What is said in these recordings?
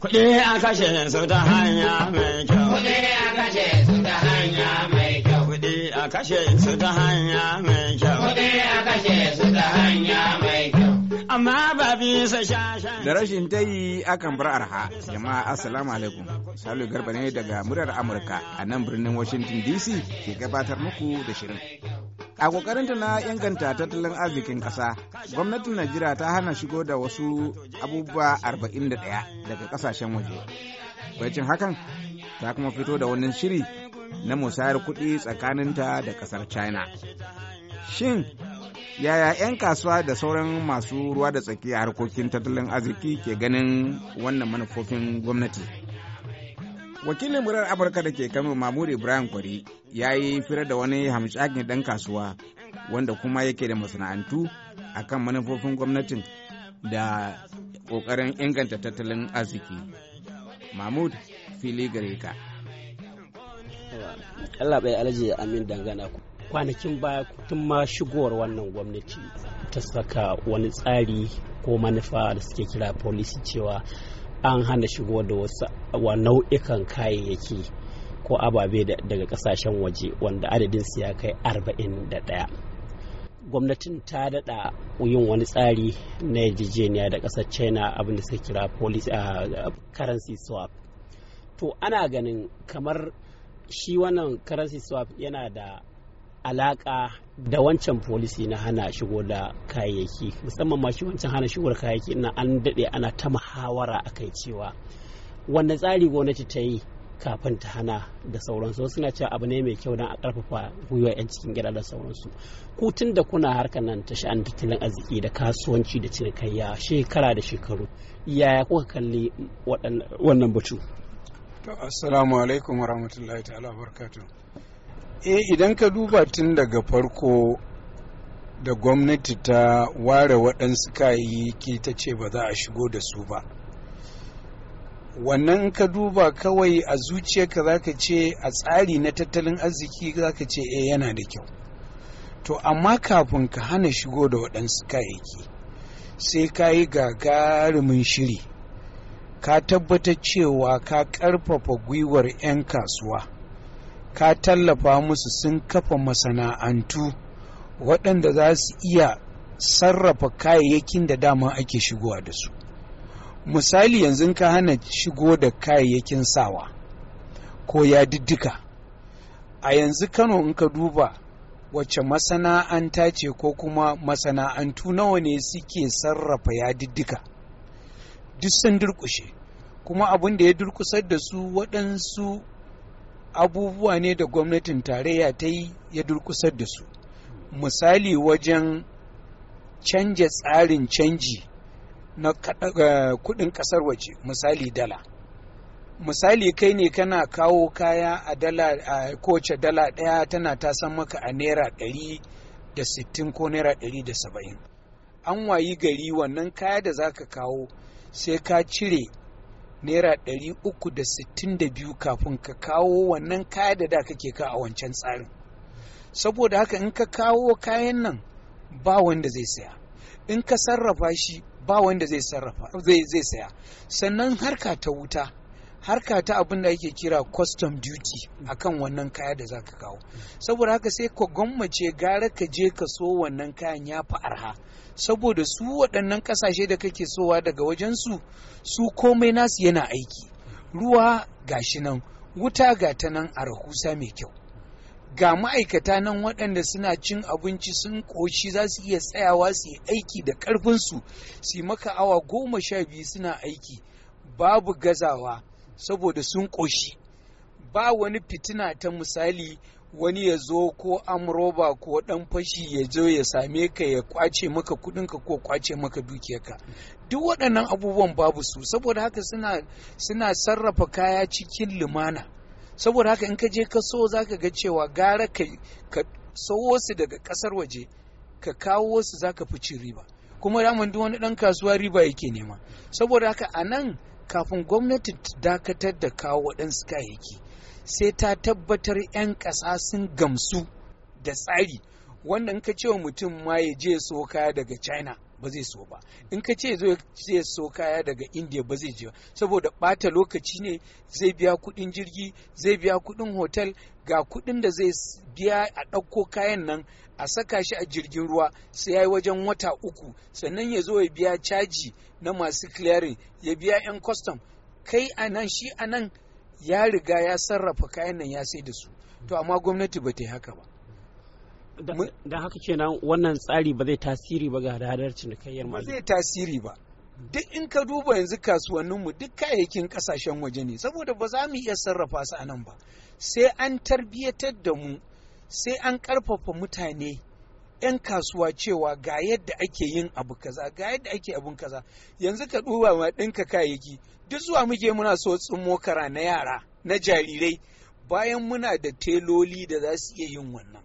Kuɗi a kashe su ta hanya mai kyau. Kuɗi a kashe su ta hanya mai kyau. Kuɗi a kashe su ta hanya mai kyau. Kuɗi a kashe su ta hanya mai kyau. Amma ba bisa shashen. Da rashin ta yi akan bar arha. Jama'a assalamu alaikum. Salu Garba ne daga murar Amurka a nan birnin Washington DC ke gabatar muku da shirin. A ƙoƙarinta na inganta tattalin arzikin ƙasa, gwamnatin Najeriya ta hana shigo da wasu abubuwa arba'in da 41 daga ƙasashen waje. Bacin hakan, ta kuma fito da wani shiri na musayar kuɗi tsakaninta da ƙasar China. Shin, yaya 'yan kasuwa da sauran masu ruwa da tsaki a harkokin tattalin arziki ke ganin wannan manufofin gwamnati? wakilin murar amurka da ke kano mahmud ibrahim kwari ya yi fira da wani hamshakin dan kasuwa wanda kuma yake da masana'antu a kan manufofin gwamnatin da kokarin inganta tattalin arziki mahmud fili gare allah bai alaji amin dangana kwanakin baya tun ma shigowar wannan gwamnati ta saka wani tsari ko manufa da suke kira policy cewa an hana shigo da wasu wa nau'ikan kayayyaki ko ababe daga kasashen waje wanda adadin su ya kai 41 gwamnatin ta daɗa yin wani tsari na yarjejeniya da ƙasar china abin da suka kira a currency swap to ana ganin kamar shi wannan currency swap yana da alaka da wancan folisi na hana shigo da kayayyaki musamman ma shi wancan hana shigo da kayayyaki na an daɗe ana ta muhawara a kai cewa wanda tsari gwamnati ta yi kafin ta hana da sauransu suna cewa abu ne mai kyau don a karfafa gwiwa 'yan cikin gida da sauransu tun da kuna harkar nan ta sha'an tattalin arziki da kasuwanci da cinikayya shekara da shekaru yaya kuka kalli wannan batu to assalamu alaikum warahmatullahi eh idan ka duba tun daga farko da gwamnati ta ware waɗansu kayayyaki ta ce ba za a shigo da su ba wannan ka duba kawai a zuciyarka za ka ce a tsari na tattalin arziki za ka ce eh yana da kyau to amma kafin ka hana shigo da waɗansu kayayyaki sai ka yi gagarumin shiri ka tabbatar cewa ka ƙarfafa gwiwar 'yan kasuwa ka tallafa musu sun kafa masana'antu waɗanda za su iya sarrafa kayayyakin da dama ake shigowa da su misali yanzu ka hana shigo da kayayyakin sawa ko yadiddika a yanzu kano in ka duba wacce masana'anta ce ko kuma masana'antu nawa ne suke sarrafa yadiddika duk sun durkushe kuma abin da ya durkusar da su waɗansu abubuwa ne da gwamnatin tarayya ta yi ya durkusar da su misali wajen canja tsarin canji na eh, kudin kasar waje misali dala misali kai ne kana kawo kaya a dala kowace dala ɗaya tana tasan maka a naira ɗari da sittin ko naira ɗari da saba'in an wayi gari wannan kaya da za ka kawo sai ka cire naira biyu kafin ka kawo wannan kaya da da kake ka a wancan tsarin saboda haka in ka kawo kayan nan ba wanda zai saya in ka sarrafa shi ba wanda zai saya sannan harka ta wuta harka ta abin da yake kira custom duty kan wannan kaya da za ka kawo saboda haka sai ka gwammace gara ka je ka so wannan kayan ya fi arha saboda su waɗannan ƙasashe da kake sowa daga wajensu su komai nasu yana aiki ruwa ga shi nan wuta ga ta nan a rahusa mai kyau ga ma'aikata nan waɗanda suna cin abinci sun ƙoshi za su iya tsayawa su yi aiki da ƙarfinsu su yi maka awa goma sha biyu suna aiki babu gazawa saboda sun ƙoshi ba wani fitina ta misali wani ya zo ko amroba ko ɗan fashi ya zo ya same ka ya kwace maka kudinka ko kwace maka dukiyarka duk waɗannan abubuwan babu su saboda haka suna sarrafa kaya cikin lumana saboda haka in ka je ka so za ka ga cewa gara ka, ka su daga ƙasar waje ka kawo su za ka fi riba kuma daman duk wani ɗan kasuwa riba yake nema saboda haka a nan kafin gwamnati ta dakatar da kawo waɗansu kayayyaki sai ta tabbatar 'yan ƙasa sun gamsu da tsari wannan in ka ce wa mutum ma ya je so kaya daga china ba zai so ba in ka ce zai so kaya daga indiya ba zai je ba saboda bata lokaci ne zai biya kudin jirgi zai biya kudin hotel ga kudin da zai biya a ɗauko kayan nan a saka shi a jirgin ruwa sai ya yi wajen wata uku sannan ya zo ya biya caji na masu clearing ya biya 'yan custom kai a nan shi a nan ya riga ya sarrafa kayan nan ya sai da su to amma gwamnati ba ta yi haka ba da haka kenan wannan tsari ba zai tasiri ba ga hadadar cinikayyar ba zai tasiri ba duk in ka duba yanzu kasuwanninmu duk kayayyakin kasashen waje ne saboda ba za mu iya sarrafa su a nan ba sai an tarbiyyatar da mu sai an karfafa mutane 'yan kasuwa cewa ga yadda ake yin abu kaza ga yadda ake abun kaza yanzu ka duba ma ɗinka kayayyaki duk zuwa muke muna so tsummo kara na yara na jarirai bayan muna da teloli da za su iya yin wannan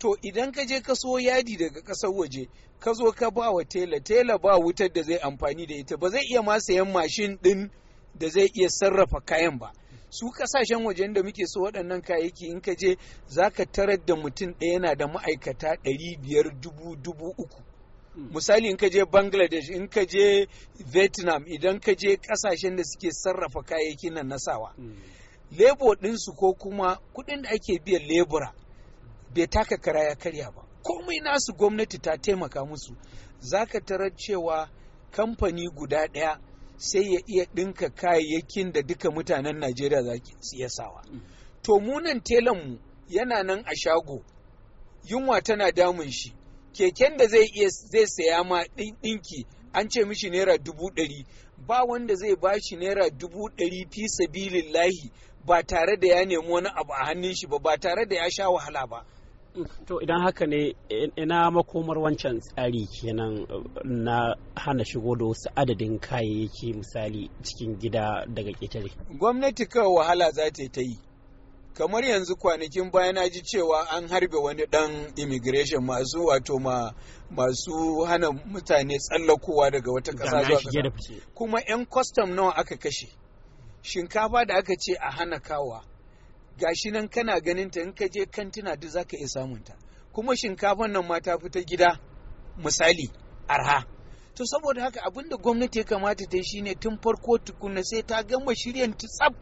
to idan ka je ka so yadi daga ƙasar waje ka zo ka ba wa tela tela ba wutar da zai amfani da ita ba zai iya ma sayan mashin din da zai iya sarrafa kayan ba su kasashen wajen da muke so waɗannan kayayyaki in ka je za ka tarar da mutum ɗaya yana da ma'aikata ɗari biyar dubu dubu uku hmm. misali in ka je bangladesh in ka je vietnam idan ka je kasashen da suke sarrafa kayayyaki nan na sawa hmm. lebo ɗinsu ko kuma kuɗin da ake biyan lebura bai taka kara ya karya ba komai nasu gwamnati ta taimaka musu zaka ka tarar cewa kamfani guda ɗaya sai ya iya ɗinka kayayyakin da duka mutanen najeriya za su iya sawa mm. to munan telanmu yana nan a shago yunwa tana damun shi keken da zai iya zai saya ma ɗinki an ce mishi naira dubu ɗari ba wanda zai bashi naira dubu ɗari fi sabilillahi ba tare da ya nemi wani abu a hannun shi ba ba tare da ya sha wahala ba To idan haka ne ina makomar wancan tsari kenan eh, na hana shigo da wasu adadin kayayyaki misali cikin gida daga ƙetare. Gwamnati kawai wahala za ta yi. Kamar yanzu kwanakin baya na ji cewa an harbe wani dan immigration masu wato ma masu hana mutane tsallakowa daga wata ƙasa zuwa Kuma 'yan kwastam nawa aka kashe. Shinkafa da aka ce a hana kawa. gashi nan kana ganin ta in ka je kantina duk zaka iya samun ta kuma shinkafan nan ma ta fita gida misali arha to saboda haka abin da gwamnati ya kamata ta yi shine tun farko tukunna sai ta gama shiryan ta tsab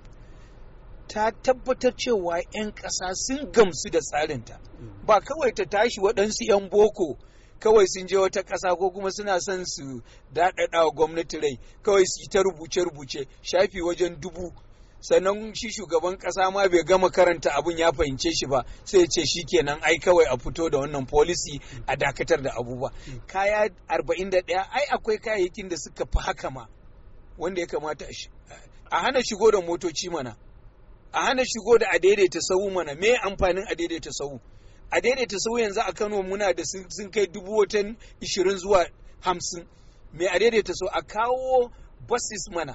ta tabbatar cewa 'yan kasa sun gamsu da tsarin ta ba kawai ta tashi waɗansu 'yan boko kawai sun je wata ƙasa ko kuma suna son su daɗaɗa wa gwamnati rai kawai su ta rubuce-rubuce shafi wajen dubu sannan shi shugaban kasa ma bai gama karanta abun ya fahimce shi ba sai ce shi kenan ai kawai a fito da wannan policy a dakatar da abubuwa kaya 41 ai akwai kayayyakin da suka fi haka ma wanda ya kamata a hana shigo da motoci mana a hana shigo da a daidaita sau mana me amfanin a daidaita sau. a daidaita sau yanzu a Kano muna da sun kai dubu watan ishirin zuwa hamsin me a daidaita sau a kawo buses mana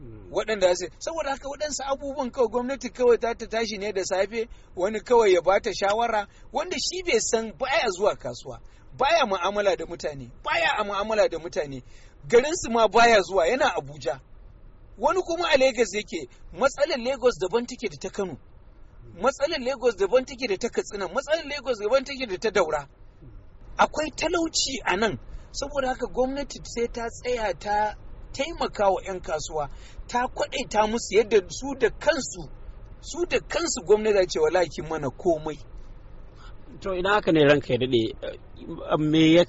Mm. waɗanda su saboda haka waɗansu abubuwan kawai gwamnati kawai ta ta tashi ne da safe wani kawai ya bata shawara wanda shi bai san baya zuwa kasuwa baya mu'amala da mutane baya a mu'amala da mutane garinsu ma baya zuwa yana abuja wani kuma a lagos yake matsalar Legas daban take da ta kano matsalar Legas daban take da ta katsina matsalar Legas daban take da ta daura akwai talauci a nan saboda haka gwamnati sai ta tsaya ta taimaka wa 'yan kasuwa ta kwadaita musu yadda su da kansu su da kansu gwamnati ce walaki mana komai to ina haka ne ranka ya daɗe eh, me ya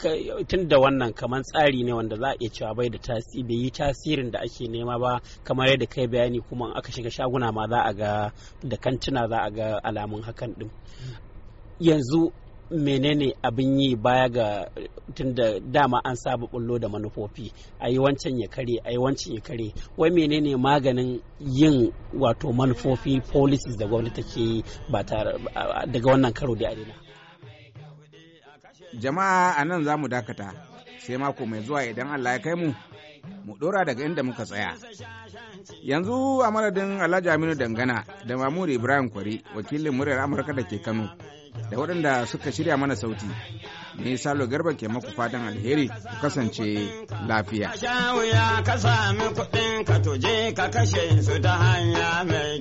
tun da wannan kamar tsari ne wanda za a iya cewa bai da tasiri bai yi tasirin da ake nema ba kamar yadda kai bayani kuma aka shiga shaguna ma za a ga da kantuna za a ga alamun hakan din hmm. yanzu menene abin yi baya ga tun da dama an saba bullo da manufofi a yi wancan ya kare a yi wancan ya kare wai menene maganin yin wato manufofi policies da gwamnati take yi ba daga wannan karo da arena jama'a a nan za mu dakata sai mako mai zuwa idan allah ya kai mu mu dora daga inda muka tsaya yanzu a madadin alhaji aminu dangana da mamuri ibrahim kwari wakilin muryar amurka da ke kano da waɗanda suka shirya mana sauti ne salo garba ke muku fatan alheri ku kasance lafiya ka sami kuɗin ka tuje ka kashe su ta hanya mai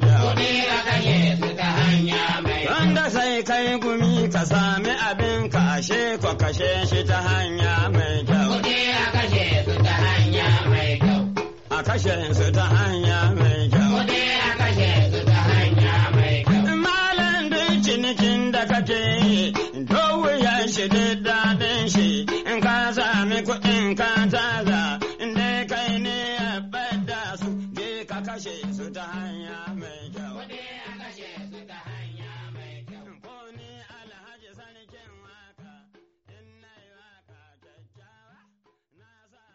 sai kai gumi ka sami abin ka ko kashe shi ta hanya mai kyau a kashe su ta hanya mai kyau a kashe su ta